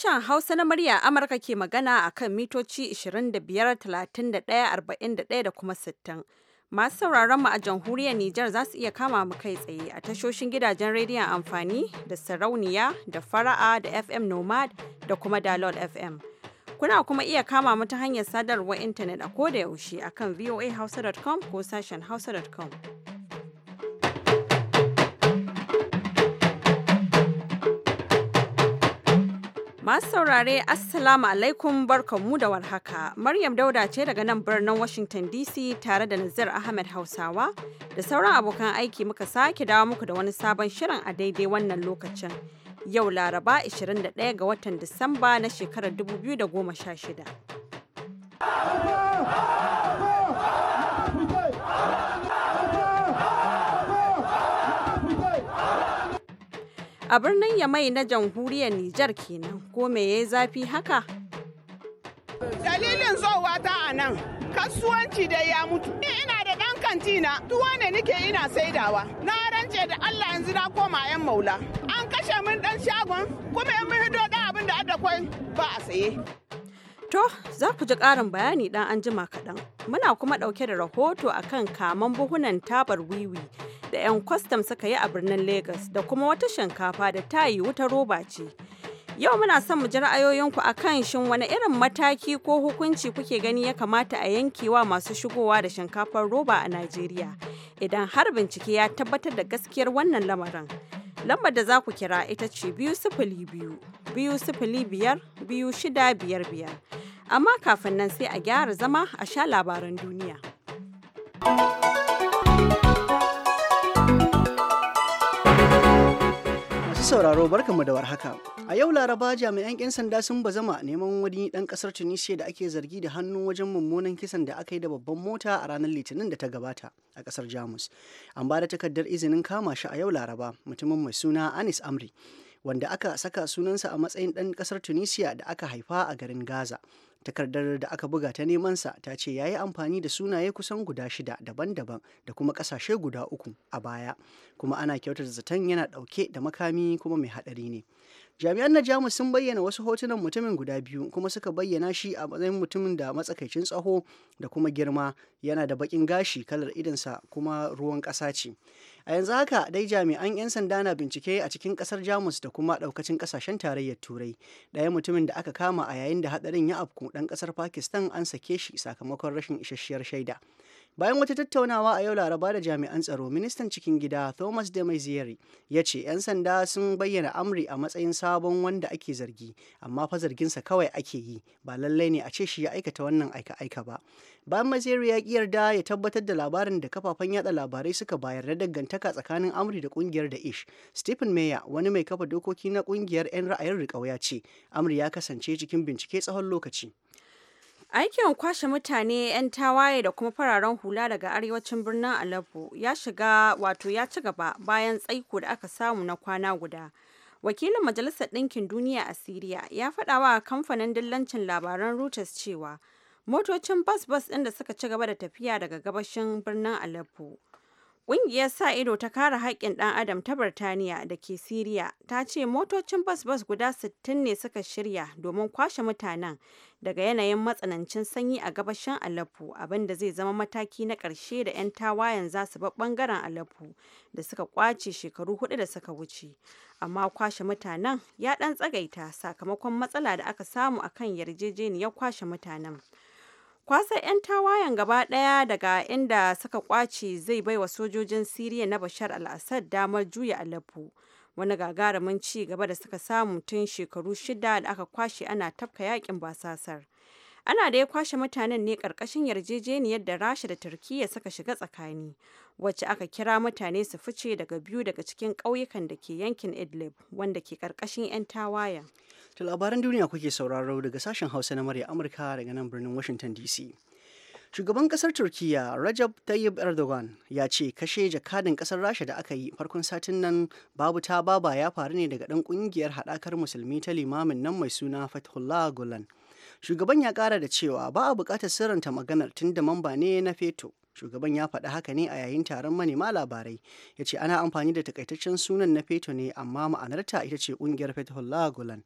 Sashen Hausa na murya Amurka ke magana a kan mitoci 25,31,41 da kuma 60. Masu sauraron mu a jamhuriyar Nijar za su iya kama mu kai tsaye a tashoshin gidajen rediyon amfani da sarauniya da fara'a da FM Nomad da kuma Dalol FM. Kuna kuma iya kama mu ta hanyar sadarwar intanet a koda yaushe kan voahausa.com ko sashen hausa.com. Masu saurare Assalamu alaikum barkan mu da warhaka. Maryam Dauda ce daga nan birnin Washington DC tare da Nazir Ahmed Hausawa da sauran abokan aiki muka sake dawo muku da wani sabon shirin a daidai wannan lokacin. Yau Laraba 21 ga watan Disamba na shekarar 2016. A birnin Yamai na jamhuriyar Nijar kenan, ko me yayi zafi haka? Dalilin zowa ta a nan, kasuwanci dai ya mutu. Ni ina da ɗan kantina, tuwa ne nike ina saidawa. Na rance da Allah yanzu na koma 'yan maula. An kashe min ɗan shagon, kuma in muhido hido ɗan abin da adda kwai ba a saye. To, za ku ji ƙarin bayani ɗan an jima kaɗan. Muna kuma ɗauke da rahoto akan kaman buhunan tabar wiwi da 'yan kwastam suka yi a birnin Legas da kuma wata shinkafa da ta yi wuta roba ce. Yau muna son mu ji ra'ayoyinku a kan shin wani irin mataki ko hukunci kuke gani ya kamata a yankewa masu shigowa da shinkafar roba a Najeriya idan har bincike ya tabbatar da gaskiyar wannan lamarin. Lambar da za ku kira ita ce biyu sifili biyu, biyu sifili biyar, biyu shida biyar biyar. Amma kafin nan sai a gyara zama a sha labaran duniya. Masu sauraro barkamu da warhaka. A yau Laraba jami'an 'yan sanda sun bazama neman wani dan kasar Tunisia da ake zargi da hannu wajen mummunan kisan da aka yi da babban mota a ranar Litinin da ta gabata a kasar Jamus. An ba da takardar izinin kama shi a yau Laraba mutumin mai suna Anis Amri. wanda aka saka sunansa a matsayin dan kasar Tunisia da aka haifa a garin Gaza. takardar da aka buga ta nemansa ta ce ya yi amfani da sunaye kusan guda shida daban-daban da kuma ƙasashe guda uku a baya kuma ana kyautar zaton yana ɗauke da makami kuma mai haɗari ne jami'an na jamus sun bayyana wasu hotunan mutumin guda biyu kuma suka bayyana shi a matsayin mutumin da matsakaicin tsaho da kuma girma yana da bakin gashi kalar idinsa kuma ruwan ƙasa ce a yanzu haka dai jami'an 'yan sanda na bincike a cikin ƙasar jamus da kuma ɗaukacin kasashen tarayyar turai ɗaya mutumin da aka kama a yayin da hadarin ya afku ɗan ƙasar pakistan an sake shi sakamakon rashin isasshiyar shaida bayan wata tattaunawa a yau laraba da jami'an tsaro ministan cikin gida thomas de maizieri ya ce 'yan sanda sun bayyana amri a matsayin sabon wanda ake zargi amma fa zarginsa kawai ake yi ba lallai ne a ce shi ya aikata wannan aika-aika ba bayan maizieri ya ki yarda ya tabbatar da labarin da kafafen yada labarai suka bayar da dangantaka tsakanin amri da kungiyar da ish stephen meyer wani mai kafa dokoki na kungiyar 'yan ra'ayin rikau ya ce amri ya kasance cikin bincike tsawon lokaci Aikin kwashe mutane 'yan tawaye da kuma fararen hula daga arewacin birnin Aleppo ya shiga wato ya ci gaba bayan tsaiko da aka samu na kwana guda. Wakilin Majalisar Ɗinkin Duniya a Siriya ya faɗa wa kamfanin dillancin labaran Reuters cewa motocin bas-bas ɗin da suka ci gaba da tafiya daga gabashin birnin Aleppo Ƙungiyar sa ido ta kare haƙƙin ɗan adam ta Birtaniya da ke Siriya ta ce motocin bas-bas guda 60 ne suka shirya domin kwashe mutanen daga yanayin matsanancin sanyi a gabashin Aleppo abinda zai zama mataki na ƙarshe da 'yan tawayen za su bar ɓangaren Aleppo da suka kwace shekaru hudu da suka wuce. Amma kwashe mutanen ya ɗan tsagaita sakamakon matsala da aka samu akan yarjejeniyar kwashe mutanen. Kwasar 'yan tawayen gaba daya daga inda suka kwace zai baiwa sojojin Siriya na Bashar al-Assad damar juya Aleppo, wani gagarumin ci gaba da suka samu tun shekaru shida da aka kwashe ana tafka yakin basasar. ana da ya kwashe mutanen ne karkashin yarjejeniyar da rasha da turkiyya suka shiga tsakani wacce aka kira mutane su fice daga biyu daga cikin ƙauyukan da ke yankin idlib wanda ke karkashin 'yan tawaya to labaran duniya kuke sauraro daga sashen hausa na murya amurka daga nan birnin washington dc shugaban kasar turkiyya rajab tayyib erdogan ya ce kashe jakadin kasar rasha da aka yi farkon satin nan babu ta baba ya faru ne daga ɗan ƙungiyar haɗakar musulmi ta limamin nan mai suna fathullah gulen Shugaban ya ƙara da cewa ba a buƙatar sirranta maganar tunda mamba ne na feto. shugaban ya faɗi haka ne a yayin taron manema labarai ya ce ana amfani da takaitaccen sunan na feto ne amma ma'anarta ita ce ƙungiyar fetullah gulen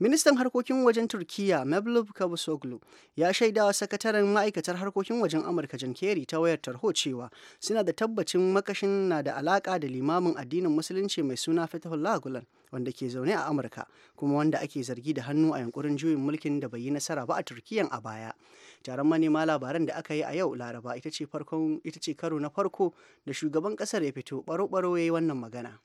ministan harkokin wajen turkiya mevlut cavusoglu ya shaidawa sakataren ma'aikatar harkokin wajen amurka jan kerry ta wayar tarho cewa suna da tabbacin makashin na da alaka da limamin addinin musulunci mai suna fetullah gulen wanda ke zaune a amurka kuma wanda ake zargi da hannu a yankurin juyin mulkin da bai yi nasara ba a turkiyan a baya taron manema labaran da aka yi a yau laraba ita ce karo na farko da shugaban kasar ya fito baro-baro ya yi wannan magana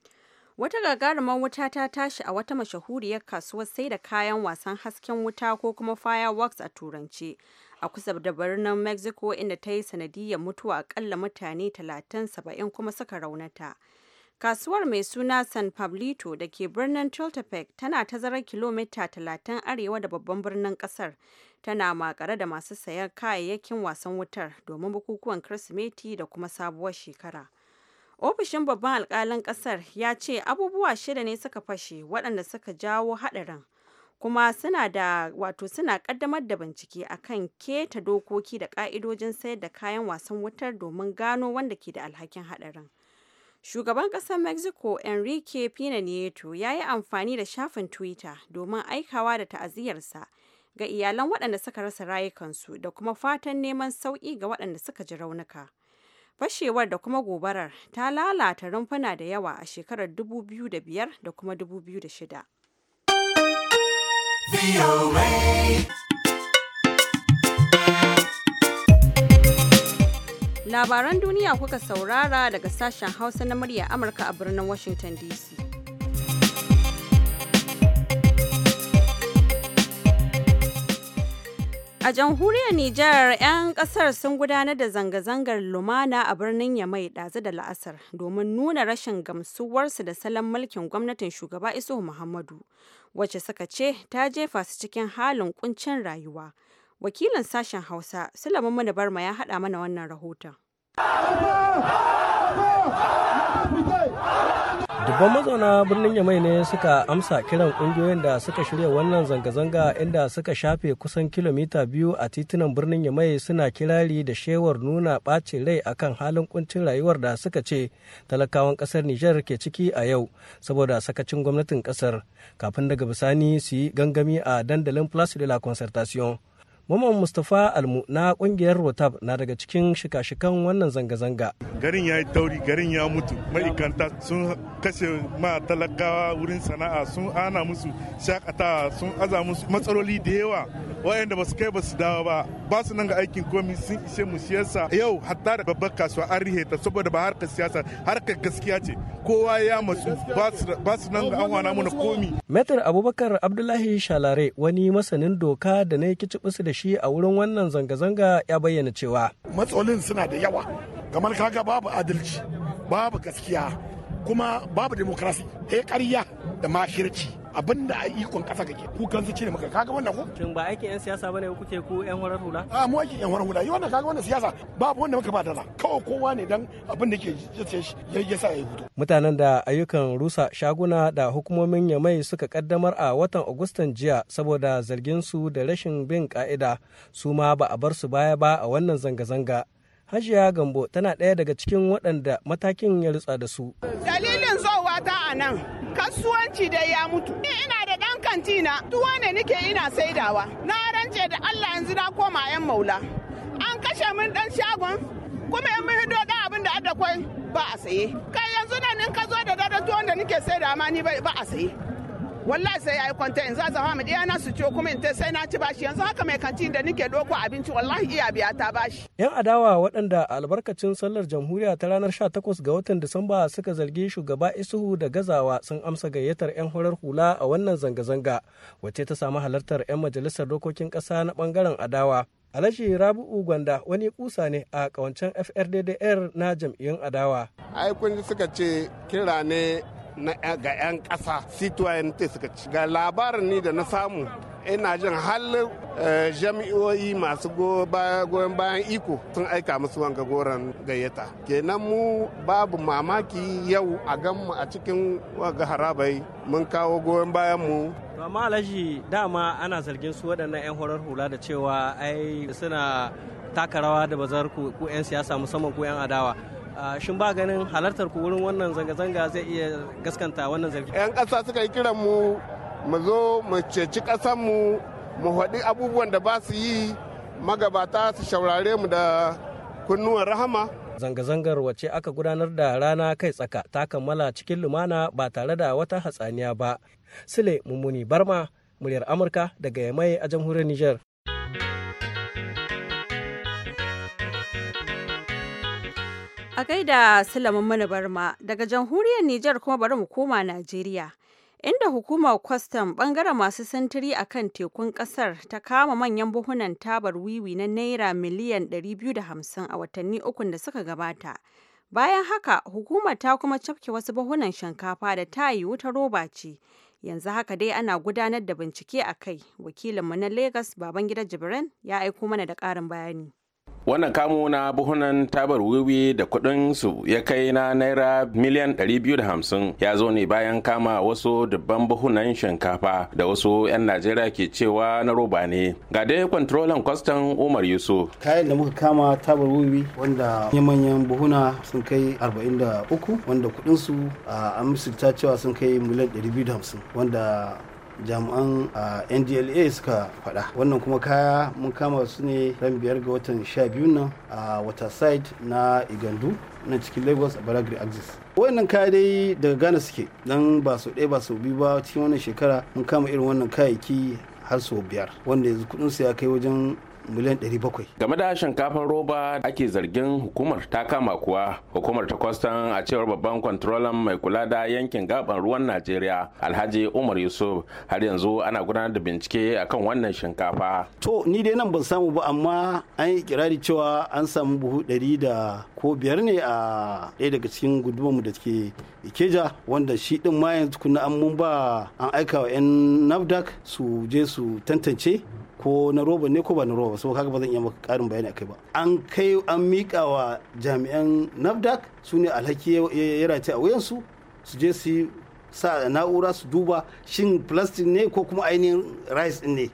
Wata gagarumar wuta ta tashi a wata mashahuriyar kasuwar sai da kayan wasan hasken wuta ko kuma fireworks a turance a kusa da birnin Mexico inda ta yi sanadiyar mutuwa akalla mutane 30 kuma suka raunata. Kasuwar mai suna San Pablito da ke birnin Chultepec tana tazarar kilomita 30 arewa da babban birnin kasar. Tana makare da masu sayan kayayyakin wasan wutar domin bukukuwan Kirsimeti da kuma sabuwar shekara. Ofishin babban alkalin kasar ya ce abubuwa shida ne suka fashe waɗanda suka jawo haɗarin. kuma suna da wato suna kaddamar da bincike akan keta dokoki da ka'idojin sayar da kayan wasan wutar domin gano wanda ke da alhakin haɗarin. Shugaban ƙasar Mexico Enrique Pena Nieto ya yi amfani da shafin Twitter domin aikawa da ta'aziyarsa ga iyalan waɗanda suka rasa rayukansu da kuma fatan neman sauƙi ga waɗanda suka ji raunuka. Fashewar da kuma gobarar ta lalata rumfuna da yawa a shekarar 2005 da kuma 2006. Labaran duniya kuka saurara daga sashen Hausa na murya Amurka a birnin Washington DC. A jamhuriyar Nijar, 'yan kasar sun gudanar da zanga-zangar lumana a birnin Yamai ɗazu da la'asar domin nuna rashin gamsuwarsu da salon mulkin gwamnatin shugaba iso Muhammadu, wacce suka ce ta jefa su cikin halin kuncin rayuwa. Wakilin sashen Hausa, Sulaiman Barma ya haɗa mana wannan rahoton. Dubban mazauna birnin Yamai ne suka amsa kiran kungiyoyin da suka shirya wannan zanga-zanga inda suka shafe kusan kilomita biyu a titunan birnin Yamai suna kirari da shewar nuna ɓacin rai akan halin kuncin rayuwar da suka ce talakawan ƙasar Nijar ke ciki a yau saboda sakacin gwamnatin ƙasar kafin daga bisani su yi gangami a dandalin Place de la Concertation. Maman Mustapha Almu na kungiyar Rotab na daga cikin shika-shikan wannan zanga-zanga. Garin ya yi tauri, garin ya mutu, ma'aikanta sun kashe ma talakawa wurin sana'a sun ana musu shakatawa sun aza musu matsaloli da yawa waɗanda ba su kai ba su dawo ba ba su nan ga aikin komi sun ishe mu siyasa yau hatta da babbar kasuwa an rihe ta saboda ba harkar siyasa harkar gaskiya ce kowa ya matsu ba su nan ga an wana mana komi. Metar Abubakar Abdullahi Shalare wani masanin doka da na yi kicin da shi a wurin wannan zanga-zanga ya bayyana cewa matsalolin suna da yawa kamar kaga babu adalci babu gaskiya kuma babu demokrasi ya kariya da makirci abin da a ikon ƙasa kake ku kansu cire maka kaga wannan ko tun ba aikin yan siyasa bane kuke ku yan warar hula a mu aikin yan warar hula yi wannan kaga wannan siyasa babu wanda muka ba da la kawai kowa ne dan abin da ke jace ya sa ya hutu mutanen da ayyukan rusa shaguna da hukumomin ya mai suka kaddamar a watan agustan jiya saboda zargin su da rashin bin ka'ida su ma ba a bar su baya ba a wannan zanga-zanga Hajiya Gambo tana ɗaya daga cikin waɗanda matakin ya rutsa da su. Dalilin zowa ta a nan, kasuwanci dai ya mutu. Ni ina da ɗan kantina, tuwa ne nike ina saidawa. Na rance da Allah yanzu na koma 'yan maula. An kashe min ɗan shagon, kuma in mun hido ɗan abin da adda kwai ba a saye. Kai yanzu nan in ka zo da tuwon da nike saida ma ni ba a saye. wallahi sai ya yi kwanta in za zawa mu na su ciwo kuma in ta sai na ci bashi yanzu haka mai kanti da nike doko abinci wallahi iya biya ta bashi. yan adawa waɗanda albarkacin sallar jamhuriya ta ranar 18 ga watan disamba suka zargi shugaba isuhu da gazawa sun amsa gayyatar yan horar hula a wannan zanga-zanga wacce ta samu halartar yan majalisar dokokin ƙasa na ɓangaren adawa alashi Rabi'u Gwanda wani kusa ne a kawancen FRDDR na jam'iyyun adawa. Ai kun suka ce kira ne ga 'yan ƙasa citoyen suka ci ga labarin ni da na samu ina jin halin eh, jami'o'i masu goyon bayan iko sun aika musu wanga goron gayyata kenan mu babu mamaki yau a ganmu a cikin waga harabai mun kawo goyon bayan mu amma alhaji dama ana zargin su waɗannan 'yan horar hula da cewa ai suna taka rawa da bazar ku 'yan siyasa musamman ku 'yan adawa Ah, shin ba ganin halartar ku wurin wannan zanga-zanga zai iya gaskanta wannan zargi yan ƙasa suka yi kiran mu mu zo mu ceci ƙasar mu mu haɗi abubuwan da ba su yi magabata su shaurare mu da kunnuwan rahama zanga-zangar wacce aka gudanar da rana kai tsaka ta kammala cikin lumana ba tare da wata hatsaniya ba sule mummuni barma muryar amurka daga yamai a jamhuriyar nijar. A gaida sulaman Mana Barma daga jamhuriyar Nijar kuma bari mu koma Najeriya. Inda hukumar kwastam bangaren masu sintiri a kan tekun kasar ta kama manyan buhunan tabar wiwi na naira miliyan 250 a watanni ukun da suka gabata. Bayan haka hukumar ta kuma cafke wasu buhunan shinkafa da ta yi ta roba ce. Yanzu haka dai ana gudanar da bincike a kai. Wakilinmu na Legas Babangida Jibrin ya aiko mana da ƙarin bayani. wannan kamo na buhunan tabar wiwi da kudin su ya kai na naira miliyan 250 ya zo ne bayan kama wasu dubban buhunan shinkafa da wasu 'yan najeriya ke cewa na roba ne ga dai kwantrolan kwastan umar yusuf kayan da muka kama tabar wiwi wanda manyan buhuna sun kai 43 wanda kudin su a amsita cewa sun kai miliyan 250 wanda jami'an ndla suka faɗa wannan kuma kaya mun kama su ne ran biyar ga watan sha biyu nan a waterside na igandu na cikin lagos a baragri axis wannan kaya dai daga ghana suke nan ba su ɗaya ba su biyu ba cikin wannan shekara mun kama irin wannan kayayyaki har sau biyar wanda yanzu kudin su ya kai wajen miliyan 700 game da shinkafar roba ake zargin hukumar ta kama kuwa hukumar ta kwastan a cewar babban kwantrolan mai kula da yankin gaban ruwan najeriya alhaji umar yusuf har yanzu ana gudanar da bincike akan wannan shinkafa to ni dai nan ban samu ba amma an yi kirari cewa an samu buhu 100 da ko biyar ne a ɗaya daga cikin gudunmu da ke ikeja wanda shi din ma yanzu kuna an mun ba an aika wa 'yan nafdac su je su tantance ko na roba ne ko ba na roba saboda kaga ba zan iya maka karin bayani akai ba an kai an mika wa jami'an nafdac su ne alhaki ya race a wuyansu su je su sa na'ura su duba shin plastic ne ko kuma ainihin rice din ne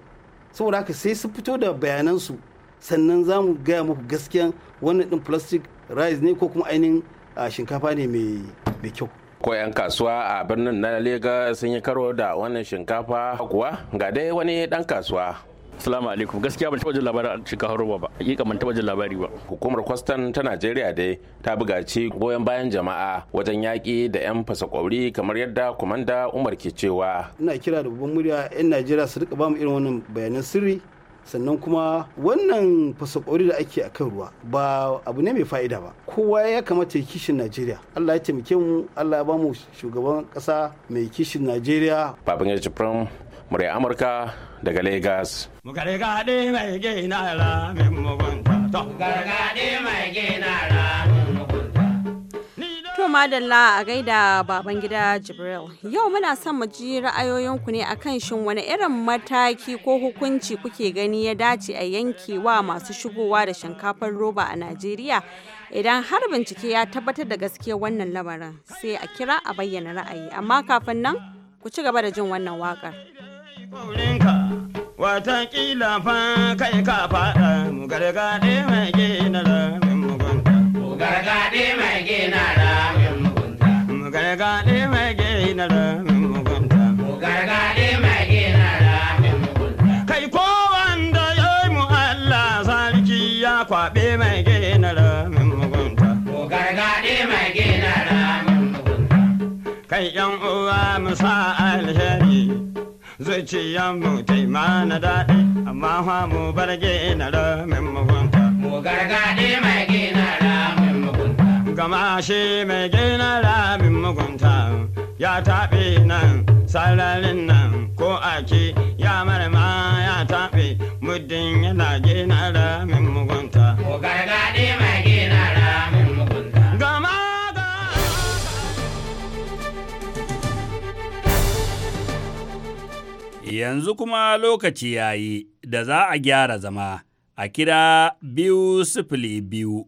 saboda haka sai su fito da bayanan su sannan za mu gaya muku gaskiyan wannan din plastic rice ne ko kuma ainihin shinkafa ne mai kyau ko 'yan kasuwa a birnin na Legas sun yi karo da wannan shinkafa kuwa ga dai wani dan kasuwa Salamu alaikum gaskiya ban taɓa jin labarin shinkafa roba ba hakika ban taɓa jin labari ba hukumar kwastan ta Najeriya dai ta buga ci goyon bayan jama'a wajen yaƙi da 'yan fasa kwauri kamar yadda kumanda Umar ke cewa ina kira da babban murya 'yan Najeriya su rika ba mu irin wannan bayanan sirri sannan kuma wannan fasakori da ake a kan ruwa ba abu ne mai fa'ida ba kowa ya kamata ya kishin najeriya allah ya taimake mu allah ya ba mu shugaban kasa mai kishin najeriya babin ya murya amurka daga lagos gargaɗe mai gina la mai mugunta madalla a gaida baban gida Jibril. Yau muna son mu ji ra'ayoyinku ne akan shin wani irin mataki ko hukunci kuke gani ya dace a yankewa masu shigowa da shinkafar roba a Najeriya idan har bincike ya tabbatar da gaske wannan lamarin sai a kira a bayyana ra'ayi. Amma kafin nan ku ci gaba da jin wannan waƙar. Watakila gargaɗe mai gina ramin mai gina Gargaɗe mai gina ramin mugunta. Gargaɗe mai gina ramin mugunta. Kai ko wanda ya yi mu Allah sarki ya kwaɓe mai gina ramin mugunta. Gargaɗe mai gina ramin mugunta. Kai yan uwa mu sa alheri. zuciyan ta yi na daɗi, amma fa mu bar gina ramin mugunta. Mu gargaɗe mai gina ramin gama mai gina labin mugunta ya taɓe nan sararin nan ko ake ya marama ya taɓe muddin yana gina labin mugunta. Ko mai gina Yanzu kuma lokaci ya yi da za a gyara zama a kira biyu sifili biyu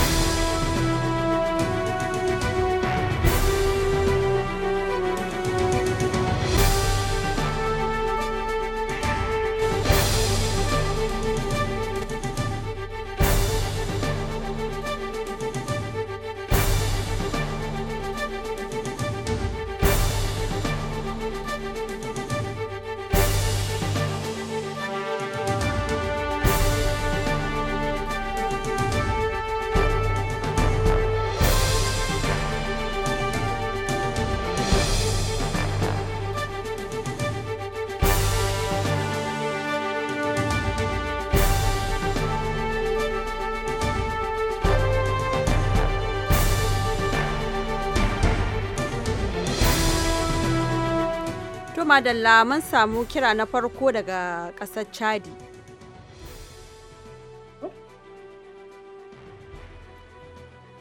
madalla mun samu kira na farko daga ƙasar Chadi.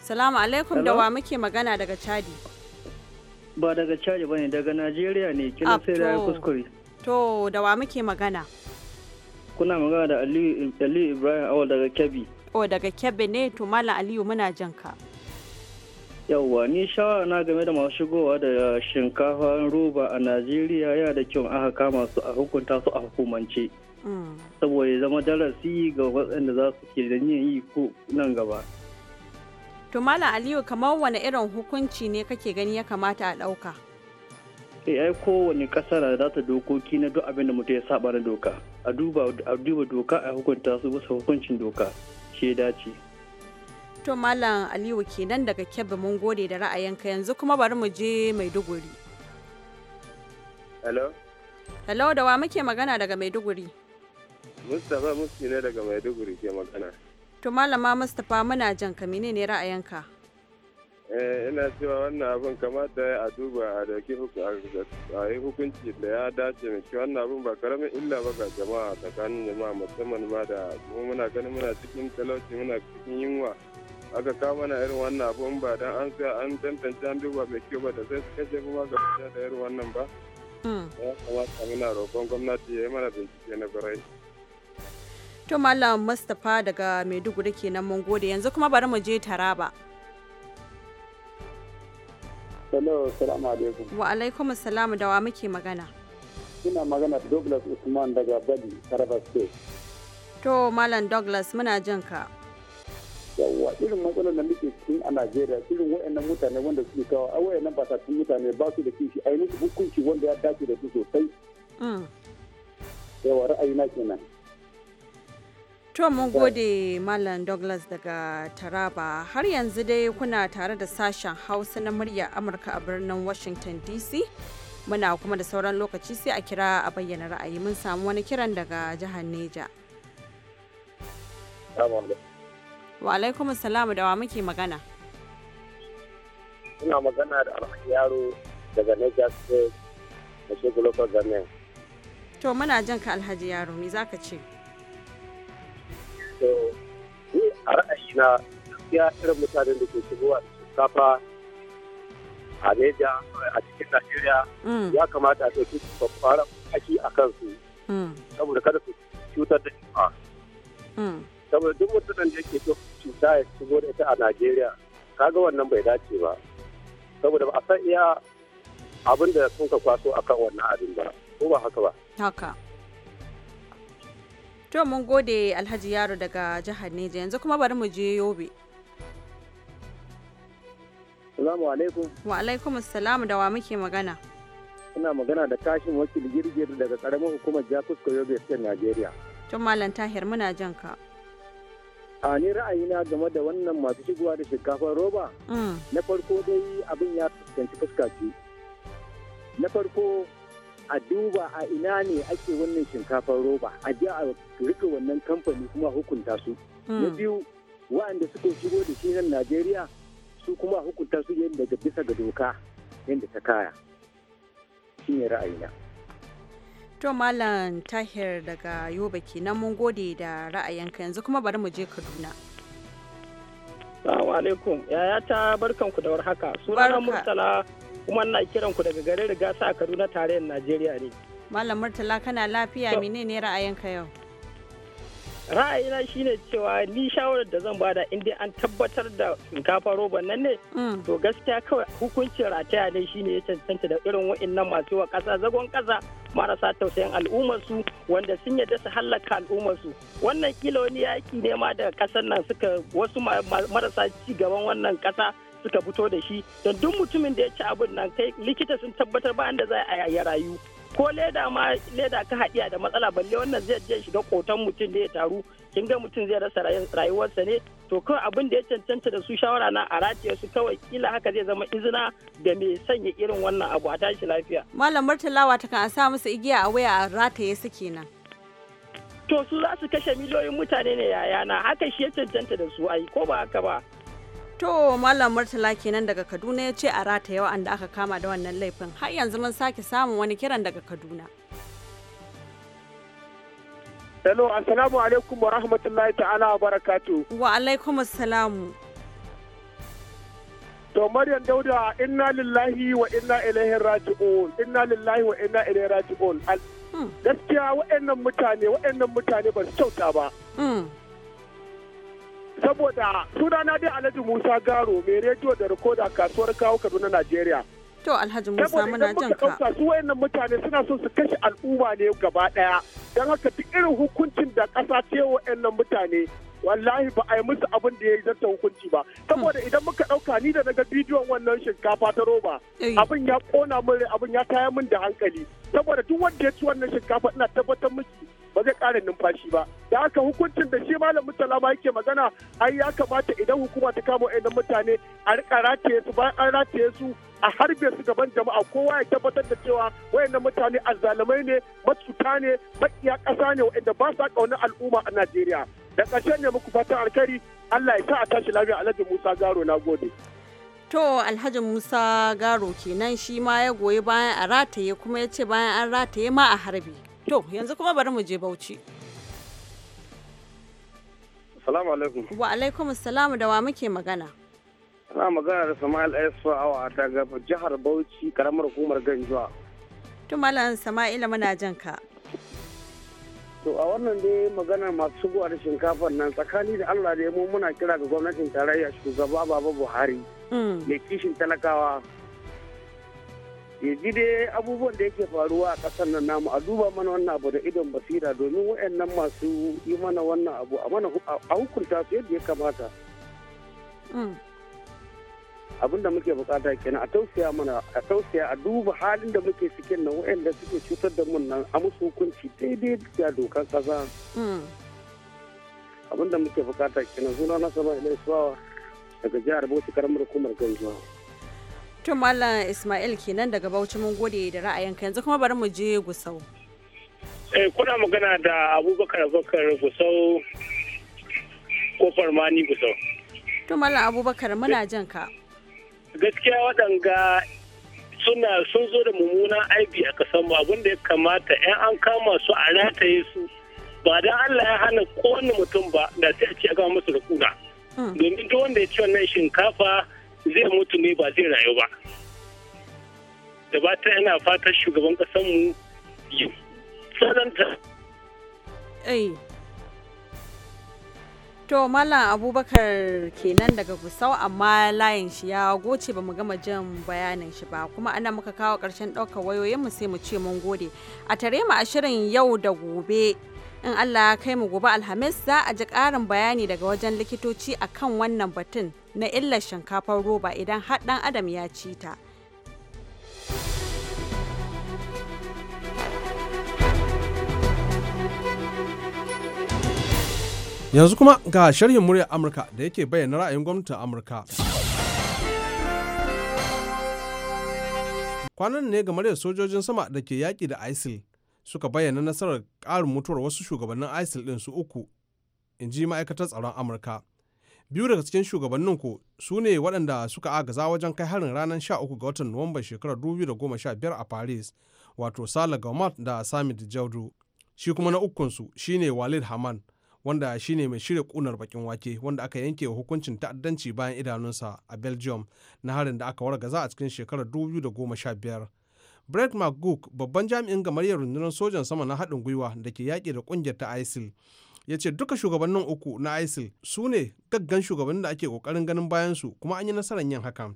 Salamu alaikum da wa muke magana daga Chadi. Ba daga Chadi bane daga Najeriya ne kina ah, sai da kuskure. To da wa muke magana? Kuna magana da Aliyu Ibrahim Awal daga Kebbi. O oh, daga Kebbi ne to Malam Aliyu muna jan ka. yauwa ni shawara na game da masu shigowa da shinkafa roba a najeriya ya da kyau aka kama su a hukunta su a hukumance mm. saboda zama darasi ga waɗanda za su ke da yi ko nan gaba to mala aliyu kamar wani irin hukunci ne kake gani ya kamata a ɗauka eh, ai kowane ƙasa na da ta dokoki na duk abin da mutum ya saba na doka a duba doka a hukunta su bisa hukuncin doka shi ya dace To Malam Aliyu kenan daga Kebbi mun gode da ra'ayinka yanzu kuma bari mu je Maiduguri. Hello? Hello da wa muke magana daga Maiduguri? Mustapha Musti ne daga Maiduguri ke magana. To Malama Mustapha muna jan ka ne ra'ayinka? Eh ina cewa wannan abin kamata a duba a dauki hukunci da ya dace mai wannan abin ba karamin illa ba ga jama'a tsakanin jama'a musamman ma da mu muna ganin muna cikin talauci muna cikin yunwa aka kawo mana irin wannan abun ba dan an tsaya an tantance an duba mai kyau ba da zai kashe kuma ga da irin wannan ba hmm. ya kamata muna roƙon gwamnati ya yi mana bincike na birai to malam mustapha daga maiduguri kenan mun gode yanzu kuma bari mu je taraba Hello, salamu alaikum. Wa alaikum salamu da wa muke magana. Ina magana Douglas Usman daga Bali, Taraba State. To, Malam Douglas, muna jin ka. yawwa irin matsalar da muke cikin a najeriya irin wayannan mutane wanda suke kawo a wayannan ba mutane ba su da kishi a yi musu hukunci wanda ya dace da su sosai mm. yawa ra'ayi na kenan To mun gode Malam Douglas daga Taraba har yanzu dai kuna tare da sashen Hausa na murya Amurka a birnin Washington DC. Muna kuma da sauran lokaci sai a kira a bayyana ra'ayi mun samu wani kiran daga jihar Neja. Wa alaikum salamu da wa muke magana. Ina magana da yaro daga Niger State da Shegu Local Government. To muna jan ka Alhaji Yaro me zaka ce? To ni a ra'ayina gaskiya irin mutanen da ke shigowa kafa a Niger a cikin nigeria mm. ya kamata a ɗauki babbar aki a kansu. Mm. Saboda kada su cutar da jama'a. Mm. saboda duk mutumin da yake so cuta ya shigo da ita a najeriya kaga wannan bai dace ba saboda ba a san iya abin da sun ka kwaso akan wannan abin ba ko ba haka ba haka to mun gode alhaji yaro daga jihar neja yanzu kuma bari mu je yobe Salamu alaikum. Wa alaikum assalamu da wa muke magana. Ina magana da kashin wakil girgir daga karamin hukumar Jakusko Yobe State nigeria. Tun Malam Tahir muna jan ka. a ni ra'ayina game da wannan masu shigowa da shinkafar roba mm. na farko dai abin ya fuskanci fuska na farko a duba a ina ne ake wannan shinkafar roba a jiya a rika wannan kamfani kuma hukunta su na mm. biyu wa'anda suka shigo da shi nan najeriya su kuma hukunta su yadda bisa ga doka yadda ta kaya ne ra'ayina to malam tahir daga yoba kenan mun gode da ra'ayinka yanzu kuma bari mu je kaduna Assalamu alaikum yaya ta barkanku da warhaka sunana murtala kuma na kiran ku daga garin riga sa kaduna tarayyar najeriya ne malam murtala kana lafiya menene ra'ayinka yau ra'ayina shine cewa ni shawarar da zan bada in dai an tabbatar da shinkafa roba nan ne mm. to gaskiya kawai hukuncin rataya ne shine ya cancanta da irin wa'annan masu wa kasa zagon kasa marasa tausayin su wanda sun yadda su hallaka al'ummarsu wannan kila wani yaki ne ma daga kasar nan suka wasu marasa ci gaban wannan kasa suka fito da shi don duk mutumin da ya ci abin nan kai likita sun tabbatar bayan da za a ya rayu ko leda ma leda ka haɗiya da matsala balle wannan zai je shiga kotan mutum da ya taru kin ga mutum zai rasa rayuwarsa ne to kawai abin da ya cancanta da su shawara na a rataye su kawai kila haka zai zama izina da mai sanya irin wannan abu a tashi lafiya malam murtalawa ta kan sa musu igiya a waya a rataye su kenan to su za su kashe miliyoyin mutane ne yayana haka shi ya cancanta da su ai ko ba haka ba To Malam Murtala kenan daga Kaduna ya ce a rata yawa da aka kama da wannan laifin har yanzu mun sake samun wani kiran daga Kaduna. Hello, assalamu alaikum wa rahmatullahi ta'ala wa barakatu. Wa alaikum assalamu. To Maryam Dauda inna lillahi wa inna ilaihi raji'un inna lillahi wa inna ilaihi raji'un. Hmm. Gaskiya waɗannan mutane waɗannan mutane ba su kyauta ba. Hmm. saboda sunana dai Alhaji Musa Garo mai rediyo da rikoda kasuwar kawo Kaduna Najeriya. To Alhaji Musa muna jin ka. Saboda su wayannan mutane suna so su kashe al'umma ne gaba daya. Dan haka duk irin hukuncin da ƙasa ce wayannan mutane wallahi ba a yi musu abin da ya yi zarta hukunci ba hmm. saboda idan muka dauka ni da naga bidiyon wannan shinkafa ta roba eh. abin ya kona min abin ya taya min da hankali saboda duk wanda ya ci wannan shinkafa ina tabbatar miki ba zai ƙara numfashi ba da haka hukuncin da shi malam mutala ma yake magana ai ya kamata idan hukuma ta kama wa'annan mutane a riƙa rataye su bayan an rataye su a harbe su gaban jama'a kowa ya tabbatar da cewa wa'annan mutane azzalumai ne matsuta ne makiya ƙasa ne wayanda ba sa ƙaunar al'umma a Najeriya da ƙarshe ne muku fatan alkhairi Allah ya sa a tashi lafiya Alhaji Musa Garo na gode. To Alhaji Musa Garo kenan shi ma ya goyi bayan a rataye kuma ya ce bayan an rataye ma a harbe. To yanzu kuma bari mu je Bauchi. Salamu alaikum. Wa alaikum salamu da wa muke magana. Ana magana da Sama'il Aisfa awa ta gaba jihar Bauchi karamar hukumar Ganjuwa. To Malam Sama'ila muna jan ka. To a wannan dai magana masu shigowa da shinkafar nan tsakani da Allah da mu muna kira ga gwamnatin tarayya shugaba Baba Buhari. Mm. Mai kishin talakawa ya ji dai abubuwan da yake faruwa a ƙasar nan namu a duba mana wannan abu da idon basira domin wayannan masu yi mana wannan abu a mana a hukunta su yadda ya kamata mm. abin da muke bukata kenan a tausaya mana a tausaya a duba halin da muke cikin nan wayanda suke cutar da mun nan a musu hukunci daidai da dokan kasa mm. abin da muke bukata kenan suna na sama ilai suwawa daga jihar bauchi karamar hukumar ganjuwa To Mallam Ismail kenan daga Bauchi mun gode da ra'ayinka yanzu kuma bari mu je Gusau. Eh kuna magana da Abubakar Abubakar Gusau kofar Mani Gusau. To Mallam Abubakar muna eh. jan ka. Gaskiya waɗanga suna sun zo da mummunan aibi a abin abinda ya kamata 'yan an kama su a rataye su ba dan Allah ya hana kowane mutum ba da sai a ce a gama musu da kuna. Hmm. Domin duk wanda ya ci wannan shinkafa zai mutu ne ba zai rayu ba da yana fatan shugaban ƙasanmu yi tsananta To Malam Abubakar kenan daga Gusau amma layin shi ya goce ba mu gama jin bayanin shi ba kuma ana muka kawo ƙarshen ɗaukar wayoyinmu sai mu ce mun gode. A tare mu a shirin yau da gobe in Allah ya kai mu gobe Alhamis za a ji ƙarin bayani daga wajen likitoci akan wannan batun na illar shinkafar roba idan har ɗan adam ya ci ta. Yanzu kuma ga sharhin muryar Amurka da yake bayyana ra'ayin gwamnatin Amurka. Kwanan ne ga da sojojin sama da ke yaƙi da ISIL suka bayyana nasarar ƙarin mutuwar wasu shugabannin isil ɗin su uku in ji ma'aikatar tsaron amurka biyu daga cikin shugabannin ku su ne waɗanda suka agaza wajen kai harin ranar 13 ga watan nuwamban shekarar 2015 a paris wato sala gaumat da samit jaudu shi kuma na ukunsu shine walid haman wanda shine mai shirya kunar bakin wake wanda aka yanke wa hukuncin ta'addanci bayan idanunsa a belgium na harin da aka wargaza a cikin shekarar 2015 brett mcgook babban jami'in gamayyar rundunar sojan sama na haɗin gwiwa da ke yaƙi da ƙungiyar ta isil ya ce duka shugabannin uku na isil su ne gaggan shugabannin da ake ƙoƙarin ganin bayan su kuma an yi nasarar yin hakan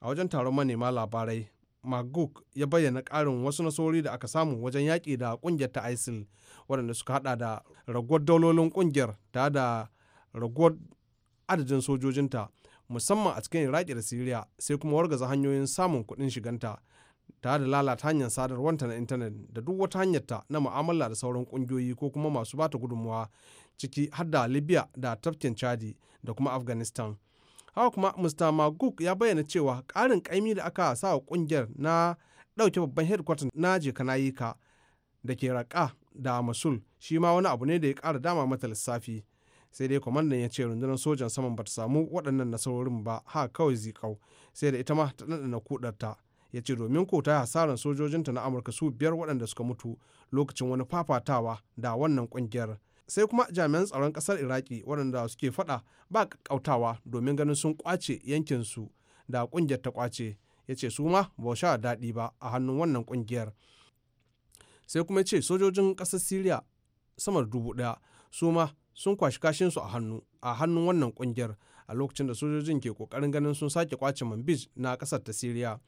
a wajen taron manema labarai mcgook ya bayyana ƙarin wasu nasarori da aka samu wajen yaƙi da ƙungiyar ta isil waɗanda suka haɗa da raguwar daulolin ƙungiyar ta da raguwar adadin sojojinta musamman a cikin iraki da siriya sai kuma wargaza hanyoyin samun kuɗin shiganta ta da lalata hanyar ta na intanet da duk wata hanyarta na mu'amala da sauran kungiyoyi ko kuma masu bata gudunmuwa ciki har da libya da tafkin chadi da kuma afghanistan haka kuma mr maguk ya bayyana cewa ƙarin kaimi da aka sa wa ƙungiyar na dauke babban headquarter na jikanayika da ke raƙa da masul shi ma wani abu ne da ya kara dama mata lissafi sai dai kwamandan ya ce rundunar sojan saman ba ta samu waɗannan nasarorin ba ha kawai zikau sai da ita ma ta ɗanɗana kudarta ya ce domin ko ta hasaran sojojinta na amurka su biyar waɗanda suka mutu lokacin wani fafatawa da wannan ƙungiyar sai kuma jami'an tsaron ƙasar iraki waɗanda suke faɗa ba ƙautawa domin ganin sun kwace yankinsu da ƙungiyar ta kwace ya ce su ma ba sha daɗi ba a hannun wannan ƙungiyar sai kuma ce sojojin ƙasar siriya sama da dubu ɗaya su ma sun kwashi kashinsu a hannu a hannun wannan ƙungiyar a lokacin da sojojin ke ƙoƙarin ganin sun sake kwace manbij na ƙasar ta siriya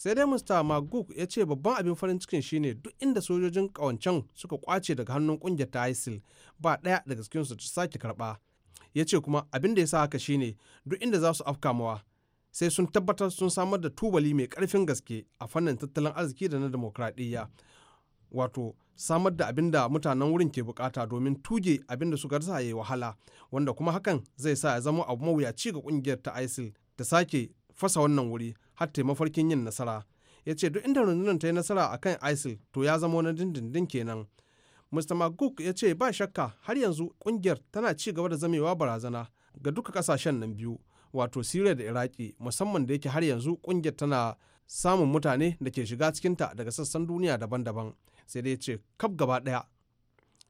sai dai mista maguk ya ce babban abin farin cikin shine duk inda sojojin kawancen suka kwace daga hannun kungiyar ta isil ba ɗaya daga su ta sake karba ya ce kuma abin da ya sa haka shine duk inda za su afka mawa sai sun tabbatar sun samar da tubali mai karfin gaske a fannin tattalin arziki da na demokradiyya wato samar da abin da mutanen wurin ke bukata domin tuge abin da su garza ya yi wahala wanda kuma hakan zai sa ya zama abu mawuyaci ga kungiyar ta isil da sake fasa wannan wuri har ta mafarkin yin nasara ya ce duk inda rundunar ta yi nasara a kan isil to ya zama wani dindindin kenan mr mcgook ya ce ba shakka har yanzu kungiyar tana ci gaba da zamewa barazana ga duka kasashen nan biyu wato syria da iraki musamman da yake har yanzu kungiyar tana samun mutane da ke shiga cikinta daga sassan duniya daban-daban sai dai ce kaf gaba daya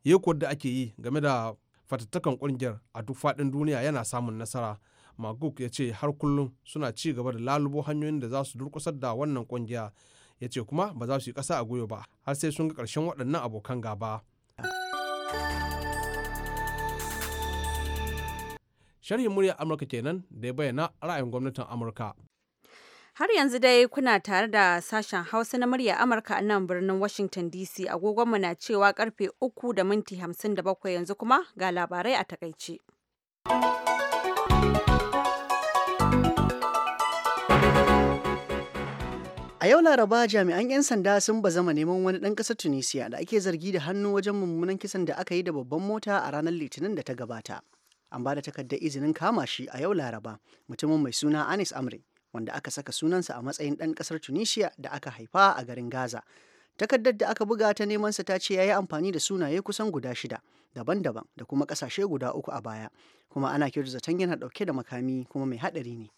yi da ake yi game da fatattakan kungiyar a duk faɗin duniya yana samun nasara maguk ya ce har kullum suna ci gaba da lalubo hanyoyin da za su durkusar da wannan kungiya ya ce kuma ba za su yi ƙasa a goyo ba har sai sun ga ƙarshen waɗannan abokan gaba sharhin muryar amurka kenan da ya bayyana ra'ayin gwamnatin amurka Har yanzu dai kuna tare da sashen Hausa na murya Amurka a nan birnin Washington DC agogonmu na cewa karfe 3 da minti 57 yanzu kuma ga labarai a takaice. A yau Laraba jami'an 'yan sanda sun bazama neman wani ɗan ƙasar Tunisia da ake zargi da hannu wajen mummunan kisan da aka yi da babban mota a ranar Litinin da ta gabata. An ba da takardar izinin kama shi a yau Laraba mutumin mai suna Anis Amri wanda aka saka sunansa a matsayin ɗan ƙasar Tunisia da aka haifa a garin Gaza. Takardar da aka buga ta nemansa ta ce ya yi amfani da sunaye kusan guda shida daban-daban da kuma ƙasashe guda uku a baya, kuma ana zaton yana ɗauke da makami kuma mai haɗari ne.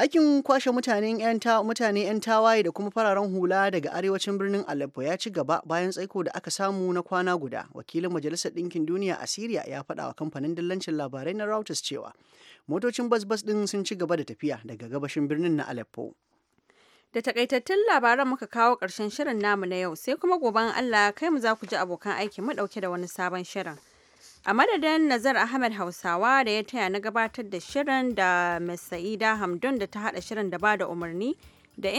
Aikin kwashe mutanen 'yan mutane 'yan tawaye da kuma fararen hula daga arewacin birnin Aleppo ya ci gaba bayan tsaiko da aka samu na kwana guda. Wakilin Majalisar Ɗinkin Duniya a Siriya ya faɗa wa kamfanin dillancin labarai na Reuters cewa motocin bas-bas ɗin sun ci gaba da tafiya daga gabashin birnin na Aleppo. Da takaitattun labaran muka kawo ƙarshen shirin namu na yau sai kuma gobe Allah kai mu za ku ji abokan aiki mu ɗauke da wani sabon shirin. a madadin nazar ahmed hausawa da ya taya na gabatar da shirin da ms sa'ida hamdun da ta hada shirin da ba da umarni da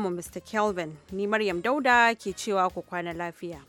mu mr kelvin ni maryam dauda ke cewa ku kwana lafiya